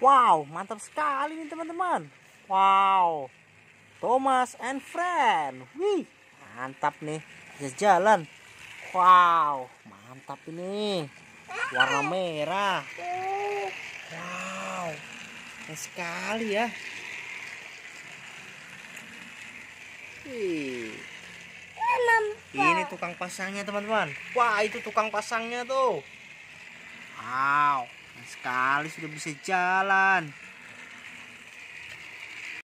Wow, mantap sekali nih teman-teman. Wow, Thomas and Friend. Wih, mantap nih. Bisa jalan. Wow, mantap ini. Warna merah. Wow, keren sekali ya. Wih. Ini tukang pasangnya teman-teman. Wah, itu tukang pasangnya tuh. Wow sekali sudah bisa jalan